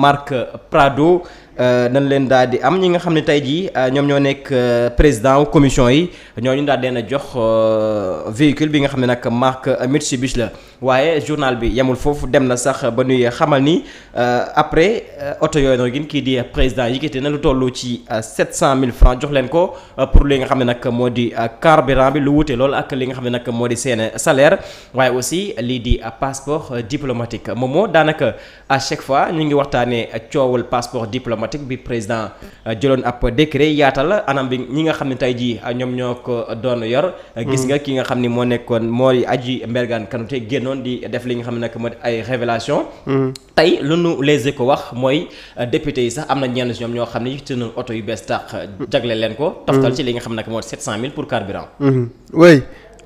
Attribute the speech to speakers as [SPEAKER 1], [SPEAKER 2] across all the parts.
[SPEAKER 1] Marc Prado Euh, nañ leen daal di am ñi nga xam ne tey jii euh, ñoom ñoo nekk euh, président commission yi ñooñu daal deen a jox véhicule bi nga xam ne nag marque Mitsubishi la waaye journal bi yemul foofu dem na sax ba nuy xamal ni après oto yooyu noonu gin kii di président yëkkati na lu toll ci cent mille francs jox leen ko pour li nga xam ne nag moo di carburant bi lu wute loolu ak li nga xam ne nag moo di seen salaire waaye aussi lii di passeport diplomatique moom moo daanaka à chaque fois ñu ngi waxtaanee coowal passeport Fatick bi président euh, jëloon ab décret yaatal anam bi ñi nga xam ne tey jii euh, ñoom ñoo ko doon yor. Mm. gis nga ki nga xam ni moo nekkoon moo aji Mbergane génnoon di def li nga xam ne nag moo ay révélation mm. tey lu nu Les ko wax mooy euh, député yi sax am na ñenn si ñoom ñoo xam ne te nañu oto yu bees tax jagle leen ko. toftal mm. ci li nga xam ne nag moo 700000 pour carburant.
[SPEAKER 2] oui.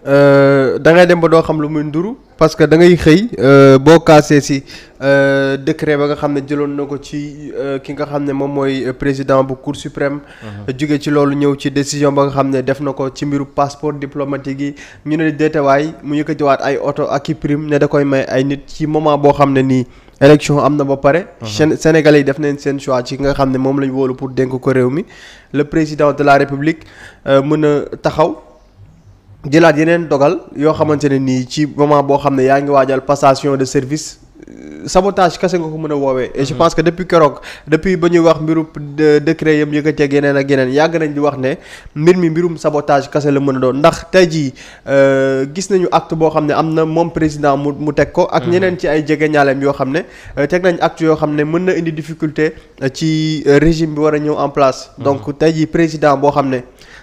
[SPEAKER 2] Euh, da ngay dem ba doo xam lu muy nduru parce que da ngay xëy euh, boo kaasee si euh, décret ba nga xam ne jëloon na ko ci ki nga xam ne moom mooy président bu cour suprême. Mhm. jóge ci loolu ñëw ci décision ba nga xam ne def na ko ci mbiru passeport diplomatique yi ñu ne deetewaay mu yëkkatiwaat ay oto ak i prime ne da koy may ay nit ci moment boo xam ne nii. élection am na ba pare. Mhm. Sénégalais yi def nañ seen choix ci nga xam ne moom lañu wóolu pour dénk ko réew mi le président de la mën a taxaw. jëlaat yeneen dogal yoo xamante ne nii ci moment boo xam ne yaa ngi waajal passation de service euh, sabotage kese nga ko mën a woowee. et je mm-hmm. pense que depuis keroog depuis ba ñuy wax mbirum euh, décret yam yëkkateeg yeneen ak yeneen yàgg nañ di wax ne mbir mi mbirum sabotage kese la mën a doon ndax tey jii euh, gis nañu acte boo xam ne am na moom président mu mu teg ko. ak mm-hmm. ñeneen ci ay jegeñaaleem yoo xam ne teg nañ acte yoo xam ne mën na indi difficulté ci régime bi war a ñëw en place. Mm-hmm. donc tey jii président boo xam ne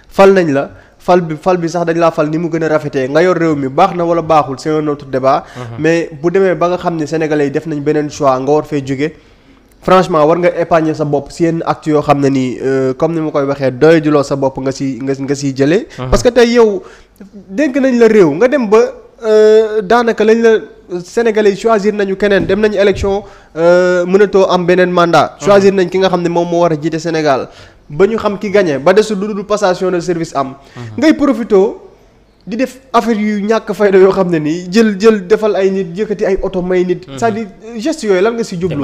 [SPEAKER 2] fal nañ la. fal bi fal bi sax dañ laa fal ni mu gën a rafetee nga yor réew mi baax na wala baaxul c'est un autre débat mhm. mais demee ba nga xam ne sénégalais yi def nañ beneen choix nga war fee jóge franchement war nga épargner sa bopp si yenn actes yoo xam ne nii euh, comme ni ma koy waxee doyadiloo sa bopp nga si nga nga siy jëlee mhm. parce que tey yow dénk nañ la réew nga dem ba euh, daanaka lañ la sénégalais choisir nañu keneen dem nañu élection euh, mënatoo am beneen mandat mhm. choisir nañ ki nga xam ne moom moo war a jiite Sénégal ba ñu xam ki gagné ba desul lu dul passation de service am. Mhm. ngay profité di def affaire yu ñàkk fayda yoo xam ne nii jël jël defal ay nit yëkkati ay oto may nit. Mhm. c'est-à-dire geste yooyu lan nga si jublu.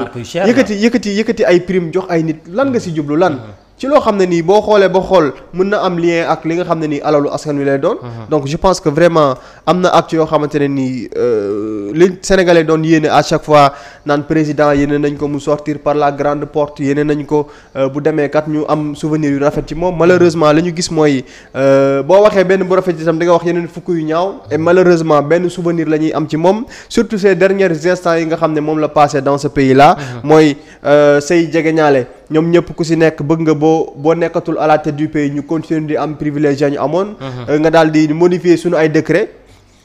[SPEAKER 2] yëkkati yëkkati yëkkati ay prime jox ay nit lan nga si jublu lan. Mhm. ci loo xam ne nii boo xoolee ba xool mën na am lien ak li nga xam ne nii alalu askan wi lay doon. Uh-huh. donc je pense que vraiment am na acte yoo xamante ne nii euh, li Sénégalais doon yéene à chaque fois naan président yéene nañ ko mu sortir par la grande porte yeneen nañ ko euh, bu demee kat ñu am souvenir yu rafet ci moom malheureusement li ñu gis mooy euh, boo waxee benn bu rafet itam di nga wax yeneen fukk yu ñaaw et uh-huh. malheureusement benn souvenir la ñuy am ci moom surtout ces derniers instants yi nga xam ne moom la passé dans ce pays là. Uh-huh. mooy say jegeñaale. ñoom ñëpp ku si nekk bëgg nga boo boo nekkatul à la tête du pays ñu continuer di am privilège ñu amoon mhm. euh, nga dal di modifier suñu ay décret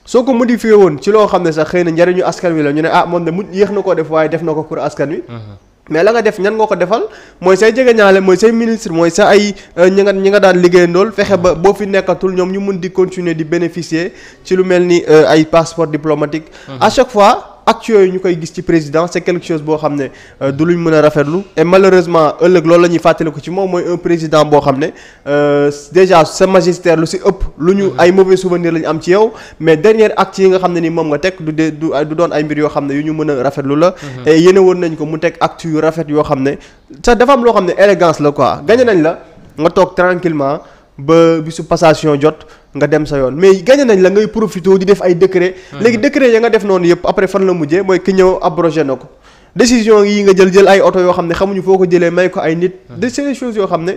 [SPEAKER 2] soo ko modifié woon ci loo xam ne sax xëy na njariñu askan wi la ñu ne ah moom de mu yéex na koo def waaye def na ko pour askan wi mhm. mais la nga def ñan nga ko defal mooy say jegeñaale mooy say ministre mooy sa ay euh, ñi nga ñi nga daan liggéeyandool fexe ba boo fi nekkatul ñoom ñu mun di continuer di bénéficier ci lu mel ni euh, ay passeport diplomatique mhm. à chaque fois actes yooyu ñu koy gis ci président c'est quelque chose boo xam ne euh, du luñ mën a rafetlu e malheureusement ëllëg loolu la ñuy fàttaliku ci moom mooy un président boo xam ne euh, déjà sa magistère lu si ëpp lu ñu mm-hmm. ay mauvais souvenirs la ñu am ci yow mais dernier act yi nga xam ne nii moom nga teg du de du doon ay mbir yoo xam ne yu ñu mën a rafetlu la mm-hmm. et yéene woon nañ ko mu teg acte yu rafet yoo xam ne sax dafa am loo xam ne élégance la quoi gagné nañ la nga toog tranquillement ba bisu passation jot nga dem sa yoon mais gagné nañ la ngay profité di def ay décret léegi décret ya nga def noonu yëpp après fan la mujjee mooy ki ñëw abrogé na ko décision yi nga jël jël ay oto yoo xam ne xamuñu foo ko jëlee may ko ay nit de ces choses yoo xam ne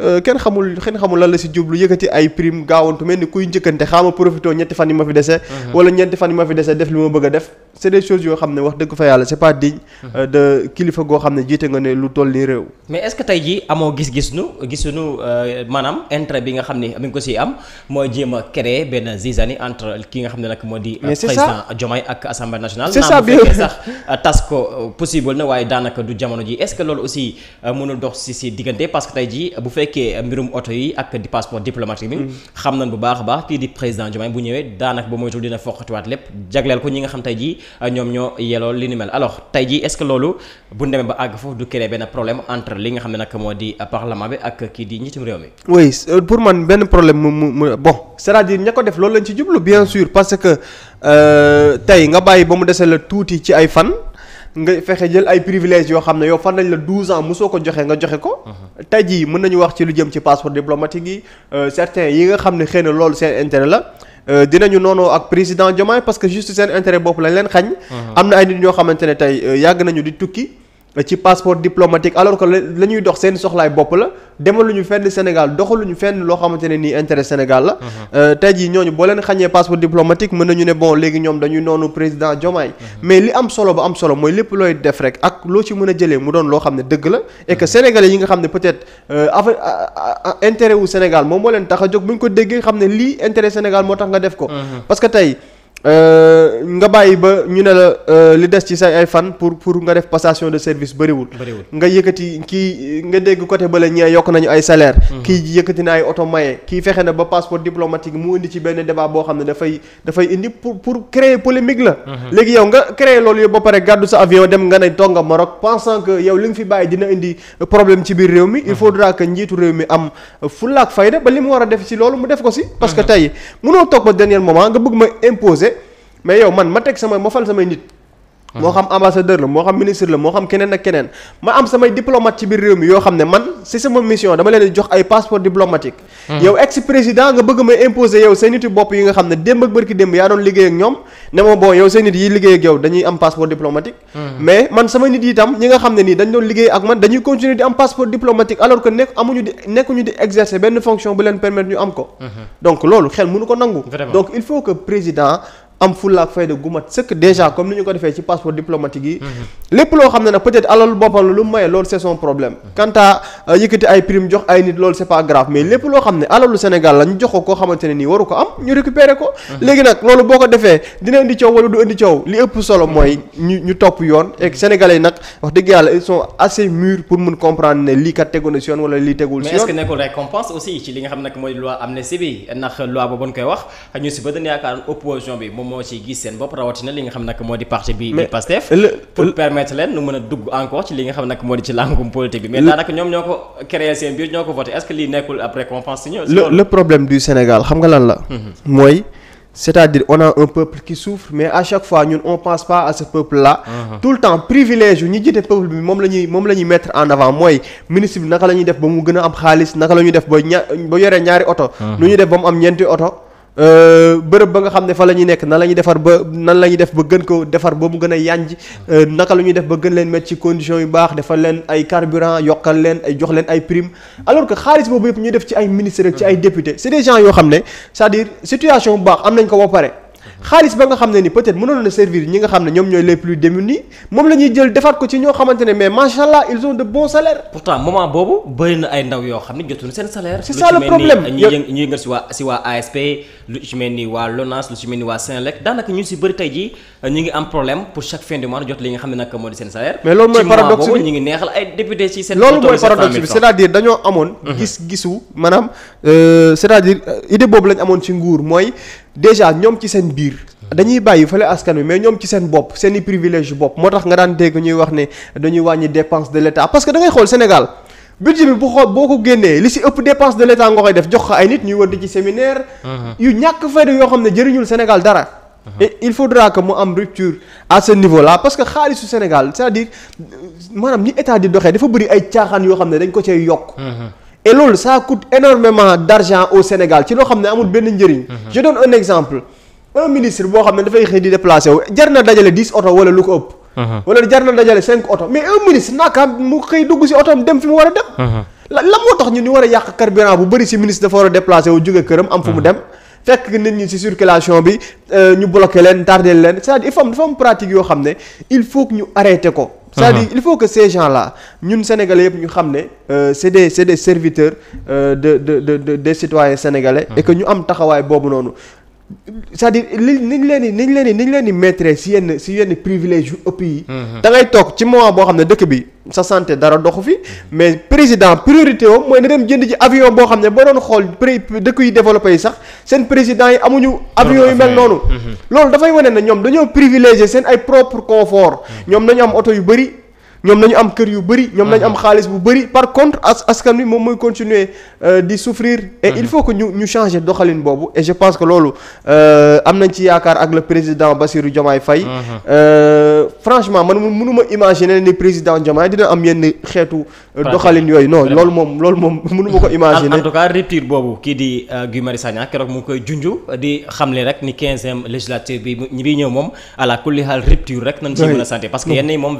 [SPEAKER 2] euh, kenn xamul kenn xamul lan la si jublu yëkkati ay prime gaawantu mel ni kuy njëkkante xaama profité ñetti fan yi ma fi dese wala ñeenti fan yi ma fi dese def li ma bëgg a def c' est des choses yoo xam ne wax dëgg fa yàlla c' est pas digne mhm. euh, kilifa goo xam ne jiite nga ne lu toll ni réew.
[SPEAKER 1] mais est ce que tey jii amoo gis-gis nu gisuñu euh, maanaam intérêt bi nga xam ne mi ko siy am mooy jéem a créer benn zizanie entre ki nga xam ne nag moo di. Euh, président Diomaye ak assemblée nationale. c' ko possible na daanaka du jamono ji est ce que loolu aussi mënul dox si si parce que tey jii bu fekkee mbirum oto yi ak di passeport diplomatique bi. Mhm. xam nañ bu baax a baax kii di président Diomaye bu ñëwee daanaka ba moytuwul dina foqatiwaat lépp jagleel ko ñi nga xam tey ji Euh, ñoom ñoo yeloo li ni mel alors tey ji est-ce que loolu bu demee ba àgg foofu du créer benn problème entre li nga xam ne nag moo di euh, parlement bi ak kii di njiitum réew mi.
[SPEAKER 2] oui euh, pour man benn problème mu mu bon cest à ko def loolu lañ ci jublu bien sûr parce que tey nga bàyyi ba mu dese la tuuti ci ay fan. nga fexe jël ay privilèges yoo xam ne yow fan nañ la 12 ans mosoo ko joxe nga joxe ko. Mhm. tey jii mën nañu wax ci lu jëm ci passeport diplomatique yi certains yi nga xam ne xëy na loolu seen intérêt la. Euh, dinañu noonu ak président Diomaye parce que juste seen intérêt bopp lañ leen xañ am na ay nit ñoo xamante ne tey euh, yàgg nañu di tukki Euh, ci passeport diplomatique alors que la ñuy dox seen soxlaay bopp la ñu fenn Sénégal doxaluñu fenn loo xamante ne nii intérêt Sénégal la. Uh-huh. Euh, tey jii ñooñu boo leen xañee passeport diplomatique mën nañu ne bon léegi ñoom dañuy noonu président Diomaye. Uh-huh. mais li am solo ba am solo mooy lépp looy def rek ak loo ci mën a jëlee mu doon loo xam ne dëgg la. et que uh-huh. sénégalais yi nga xam ne peut-être euh, affaire intérêt wu Sénégal moom moo leen tax a jóg bu ñu ko déggee xam ne lii intérêt Sénégal moo tax nga def ko. parce que tey. Euh, nga bàyyi ba ñu ne la euh, li des ci say ay fan pour pour nga def passation de service bëriwul. nga yëkkati kii nga dégg côté bële ñee yokk nañu ay salaire mm-hmm. kii yëkkati na ay oto maye kii fexe na ba passeport diplomatique mu indi ci benn débat boo xam ne dafay dafay indi pour pour créer polémique la. Mm-hmm. léegi yow nga créer loolu yow ba pare gàddu sa avion dem nga ne toog nga Maroc pensant que yow li nga fi bàyyi dina indi problème ci biir réew mi. il mm-hmm. faudra que njiitu réew mi am fulla ak fayda ba li mu war a def ci loolu mu def ko si. parce que tey mënoo toog ba moment nga bëgg ma imposer. mais yow man ma teg sama ma fal samay nit. moo xam ambassadeur la moo xam ministre la moo xam keneen ak keneen ma am samay diplomate ci biir réew mi yoo xam ne man si sama mission dama leen di jox ay passeport diplomatique yow ex président nga bëgg ma imposer yow say nit yi nga xam ne démb ak bërki démb yaa doon liggéey ak ñoom ne ma bon yow say nit yi liggéey ak yow dañuy am passeport diplomatique mais man sama nit yi tam ñi nga xam ne nii dañ doon liggéey ak man dañuy continuer di am passeport diplomatique alors que nekk amuñu di am fullaak fayda gu mat sëkk déjà comme ni ñu ko defee ci passeport diplomatique yi mhm. lépp loo xam ne nag peut-être alal boppam lu mu maye loolu c'est son problème mhm. quant à euh, yëkkati ay prime jox ay nit loolu c'est mais lépp loo xam ne alalu Sénégal la ñu jox ko koo xamante ne nii waru ko am ñu récupérer ko mhm. léegi nag loolu boo ko defee dina indi coow wala du indi coow li ëpp solo mooy ñu ñu topp yoon et Sénégalais yi nag wax dëgg yàlla ils sont assez mûrs pour mun comprendre ne lii kat tegu na si yoon wala lii tegul li nga xam
[SPEAKER 1] ne mooy loi koy wax ñu si ba moom moo ciy gis seen bopp rawatina li nga xam nag moo di parti bi di Pastef pour permettre leen nu mën a dugg encore ci li nga xam nag moo di ci làngum politique bi mais daanaka ñoom ñoo ko créé seen biir ñoo ko voté est-ce nekkul ab récompense ci ñoom le
[SPEAKER 2] problème du Sénégal xam nga lan la mhm. mooy c'est-à-dire on a un peuple qui souffre mais à chaque fois ñun on pense pas à ce peuple là mhm. tout le temps privilège yu ñi jiite peuple bi moom la Euh, bërëb ba nga xam ne fa la ñuy nekk nan la ñuy defar ba nan la ñuy def ba gën ko defar ba mu gën a yànj euh, naka la ñuy def ba gën leen met ci conditions yu baax defal leen ay carburant yokkal leen jox leen ay prime alors que xaalis boobu yëpp ñu def ci ay ministres ci ay députés c'est des gens yoo xam ne c'est-à-dire situation bu baax am nañ ko ba pare xaalis ba nga xam ne ni peut-être mënoon na servir ñi nga xam ne ñoom ñooy les plus démunis moom la ñuy jël defaat ko ci ñoo xamante ne mais macha allah ils ont de bons salaires.
[SPEAKER 1] pourtant moment boobu bëri ay ndaw yoo xam ne jotuñu seen salaire. c'est ça problème lu ñu tey jii euh, ñu ngi am problème pour chaque fin de mois jot li nga xam ne nag moo di seen salaire. mais loolu mooy paradoxe bi ñu ngi neexal ay député ci seen. loolu mooy paradoxe bi cest
[SPEAKER 2] amoon. Mhm. gis euh, euh, nguur mooy déjà ñoom ci seen biir. dañuy bàyyi fale askan wi mais ñoom ci seen bopp seen i privilège bopp moo tax nga daan dégg ñuy wax ne dañuy wàññi dépense de l'État parce que da ngay xool Sénégal. budget bu xool boo ko génnee li si ëpp dépense de l'état nga koy def jox ko ay nit ñuy wëdd ci séminaire. Uh-huh. yu ñàkk fayda yoo xam ne jëriñul Sénégal dara. Uh-huh. et il faudra que mu am rupture à ce niveau là parce que xaalisu Sénégal c'est-à-dire maanaam ni état di doxee dafa bëri ay caaxaan yoo xam ne dañ ko cay yokk. Uh-huh. et loolu ça coûte énormément d'argent au Sénégal ci loo xam ne amul benn njëriñ. Mhm. je donne un exemple un ministre boo xam ne dafay xëy di déplacé wu jar na dajale dix oto wala lu ko ëpp. Mhm. wala jar na dajale cinq oto mais un ministre naka mu xëy dugg si otoom dem fi mu war a dem. Mhm. la la moo tax ñu ni war a yàq carburant bu bëri si ministre dafa war a déplacé wu jóge këram. am fu mu dem fekk nit ñi si circulation bi euh, ñu bloqué leen tardé leen c'est-à-dire il pratique yoo xam ne il faut ñu arrêté ko. c'est-à-dire uh-huh. il faut que ces la là ñun sénégalais yëpp ñu xam ne euh, c'est des c'est des serviteurs euh, de de de des citoyens sénégalais. Uh-huh. et que ñu am taxawaay boobu noonu. c'est-à-dire li niñ leen di niñ leen di niñ leen di mettre si yenn si yenn privilège yu ëpp yi. Mhm. da ngay toog ci moment boo xam ne dëkk bi sa santé dara doxu fi. Mhm. mais président priorité wam mooy na dem jënd ci avion boo xam ne boo doon xool dëkk yu développé yi sax seen président yi amuñu. avion yu mel noonu. Mhm. loolu dafay wane ne ñoom dañoo privilégié seen ay propre confort. ñoom nañu am oto yu bëri. ñoom nañu am kër yu bëri ñoom nañu am xaalis bu bëri par contre as askan bi moom mooy continuer euh, di souffrir et il faut que ñu ñu changer doxalin boobu et je pense que loolu euh, am nañ ci yaakaar ak le président Bassirou Diomaye Faye euh, franchement man mënuma imaginer ni président Diomaye dina am yenn xeetu doxalin yooyu non loolu moom loolu moom mënuma ko imaginer en tout
[SPEAKER 1] cas rupture boobu kii di Guy Marius Sagna keroog mu koy junj di xam xamle rek ni quinzième législature bi bi ñëw moom à la kulli haal rupture rek nañ que yenn yi moom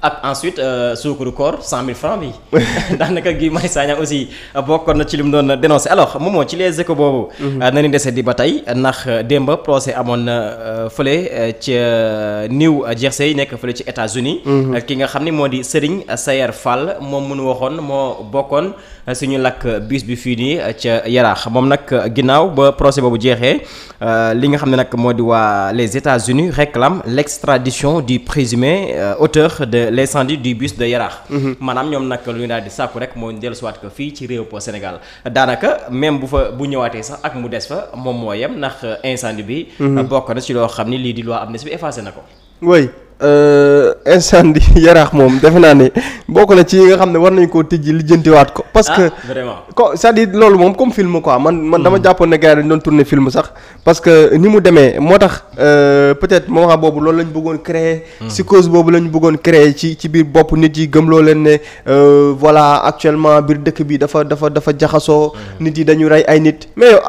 [SPEAKER 1] ak ensuite euh, suukaru koor cent mille francs bi daanaka Guy Marius Sagna aussi euh, bokkoon na ci li mu doon dénoncé alors moom moo ci les échos boobu. Mhm. Euh, nañu dese di ba tey ndax démb procès amoon na fële ca New Jersey nekk fële ci états mhm. ki nga xam ne moo di Serigne Sayer Fall moom mënu waxoon moo bokkoon suñu lakk bus bi fii nii ca Yaraax moom nag ginnaaw ba procès boobu jeexee li nga xam ne nag moo di waa les États-Unis réclament l'extradition du présumé l'incendie du bus de Yaraax mhm. maanaam ñoom nag lu ñu daal di sàkku rek mooy dellusiwaat ko fii ci réew po Sénégal daanaka même bu fa bu ñëwaatee sax ak mu des fa moom moo yem ndax euh, incendie bi mhm. bokk na ci loo xam ni lii di loi amnistie bi effacé na ko
[SPEAKER 2] oui Euh, incendie yaraax moom defe naa ne bokk na ci yi nga xam ne war nañ koo tijji lijjantiwaat ko. parce que ah, vraiment ko cest à loolu moom comme film quoi man man dama hmm. jàppoon ne gars yi dañ doon tourner film sax parce que ni mu demee moo tax euh, peut-être moment boobu loolu la bëggoon créer. Hmm. psychose boobu la ñu bëggoon créer ci ci biir bopp nit yi gëmloo leen ne euh, voilà actuellement biir dëkk bi dafa dafa dafa jaxasoo. Hmm. nit yi dañu rey ay nit mais yow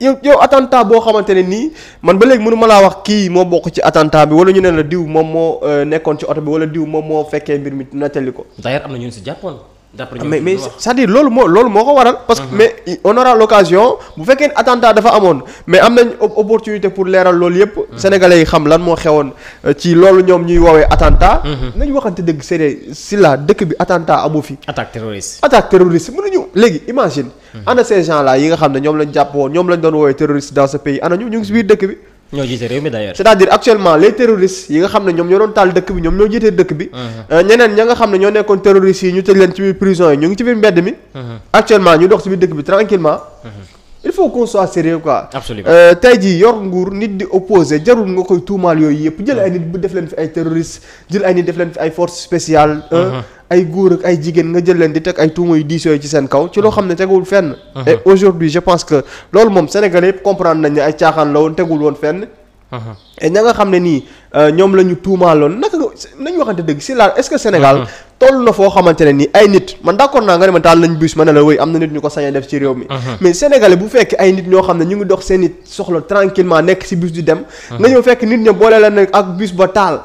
[SPEAKER 2] yow yow attentat boo xamante ne nii man ba léegi mënuma laa wax kii moo bokk ci attentat bi wala ñu ne la diw moom moo euh, nekkoon ci oto bi wala diw moom moo fekkee mbir mi nettali ko.
[SPEAKER 1] d'ailleurs am na ñun si jàppoon. Ah, mais mais
[SPEAKER 2] c'est-à-dire loolu moo loolu moo ko waral. parce que uh-huh. mais on aura l'occasion bu fekkee ne attentat dafa amoon mais am nañ opportunité pour leeral loolu yëpp. Uh-huh. sénégalais yi xam lan moo xewoon euh, ci loolu ñoom ñuy woowee attentat. Uh-huh. nañu waxante dëgg c'est si la dëkk bi attentat amu fi. attaque terroriste attaque terroriste mënuñu léegi imagine ana ces gens là yi nga xam ne ñoom lañ jàpp woon ñoom lañ doon woowee terroriste dans ce pays ana ñu ñu ngi si biir dëkk bi.
[SPEAKER 1] ñoo jiite réew mi d'ailleurs.
[SPEAKER 2] c'est-à-dire actuellement les terroristes yi nga xam ne ñoom ñoo doon taal dëkk bi ñoom ñoo jiite dëkk bi. Uh-huh. Euh, ñeneen ña nga xam ne ñoo nekkoon terroristes yi ñu tëj leen ci biir prison yi ñu ngi ci biir mbedd mi. Uh-huh. actuellement ñu dox ci biir dëkk bi tranquillement uh-huh. il faut qu'on soit sérieux quoi. absolument euh, tey yor nguur nit di opposé jarul nga koy tuumaal yooyu yëpp. jël ay nit bu def leen fi ay terroristes jël ay nit def leen fi ay forces spéciales. ay góor ak ay jigéen nga jël leen di teg ay tuuma yu diis ci seen kaw ci loo xam ne tegul fenn. e aujourd'hui je pense que loolu moom Sénégalais yëpp comprendre nañ ne ay caaxaan la woon tegul woon uh-huh. nii euh, ñoom la ñu tuumaaloon naka nañu waxante dëgg si laal est-ce que Sénégal. Uh-huh. toll ay nit man d'accord naa nga ne taal lañ bus ma ne la am na nit ñu ko sañ a def ci réew mi. mais sénégalais bu fekk ay nit ñoo xam ne ñu ngi dox seen i soxla tranquillement nekk si bus di dem. nga ñëw fekk nit ña boole la ne ak bus ba taal.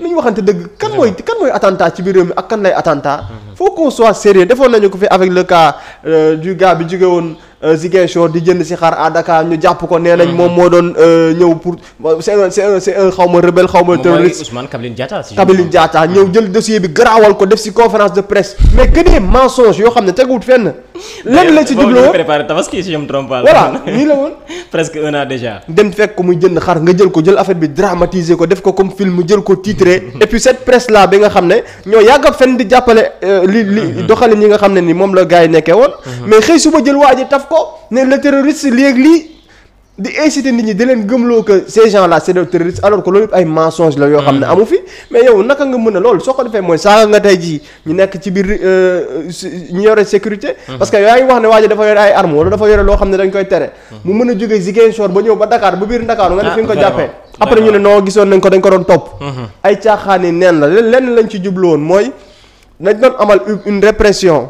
[SPEAKER 2] li ñu waxante dëgg kan mooy kan mooy attentat ci biir réew mi ak kan lay attentat mm-hmm. faut qu'on soit sérieux defoon nañu ko fi avec le cas euh, du gars bi jóge woon Euh, Ziguinchor di jënd si xar à Dakar ñu jàpp ko nee nañ mhm. moom moo doon euh, ñëw pour c'est un c'est un c'est un xaw ma rebelle xaw ma terroriste
[SPEAKER 1] Ousmane Kabiline Diatta Kabiline
[SPEAKER 2] Diatta ñëw jël dossier bi garaawal ko def si conférence de presse mais que des mensonges yoo xam ne teguwut fenn
[SPEAKER 1] lan la ci jubloo préparé tabaski si je me trompe pas voilà nii la woon presque un an déjà
[SPEAKER 2] dem fekk ko muy jënd xar nga jël ko jël affaire bi dramatiser ko def ko comme film mu jël ko titré et puis cette presse là bi nga xam ne ñoo yàgg a fenn di jàppale euh, li li doxalin yi nga xam ne ni moom la gars yi nekkee woon mhm. mais xëy suba jël waa ji taf ko ne le terroriste léegi lii di inciter nit ñi di leen gëmloo que ces la là c'est des terroristes alors que loolu yëpp ay mensonge la yoo xam ne hmm. amu fi mais yow naka nga mën a loolu soo ko defee mooy saaga nga tey jii ñu nekk ci biir euh, ñu yore sécurité hmm. parce que yaa ngi wax ne waa ji dafa yore ay armes wala dafa yore loo xam ne dañ koy tere hmm. mu mën a jógee Ziguinchor ba ñëw ba Dakar ba biir Ndakaaru nga ne ah, fi nga ko jàppee après ñu ne noo gisoon nañ ko dañ ko doon topp ay caaxaani neen la lenn lañ ci jublu woon mooy dañ doon amal une répression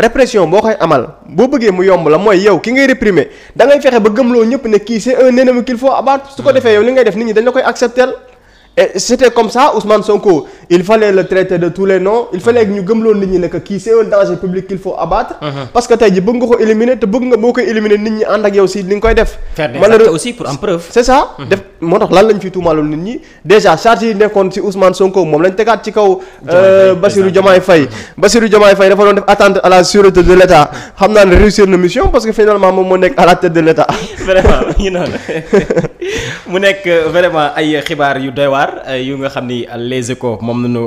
[SPEAKER 2] répression boo koy amal boo bëggee mu yomb la mooy yow ki ngay réprimer da ngay fexe ba gëmloo ñëpp ne kii c'est un ennemi qu'il su ko hmm. defee yow li ngay def nit ñi dañ la koy accepter et c'était comme ça Ousmane Sonko il fallait le traiter de tous les noms il fallait que ñu gëmloo nit ñi ne que kii c'est un danger public qu'il faut abattre. Uh-huh. parce que tey ji bëgg nga ko éliminer te bëgg nga boo koy éliminer nit ñi ànd ak yow si li nga koy def. malheureusement aussi pour am preuve. c'est ça uh-huh. def moo tax lan lañ fi tuumaaloon nit ñi déjà charge yi nekkoon si Ousmane Sonko moom lañ tegaat ci kaw. Euh, Bassirou Diomaye Faye uh-huh. Bassirou Diomaye Faye dafa doon la sûreté de l'État xam naa na mission parce que finalement
[SPEAKER 1] vraiment ñu mu nekk vraiment ay xibaar yu doy waar yu nga xam ni les ko moom la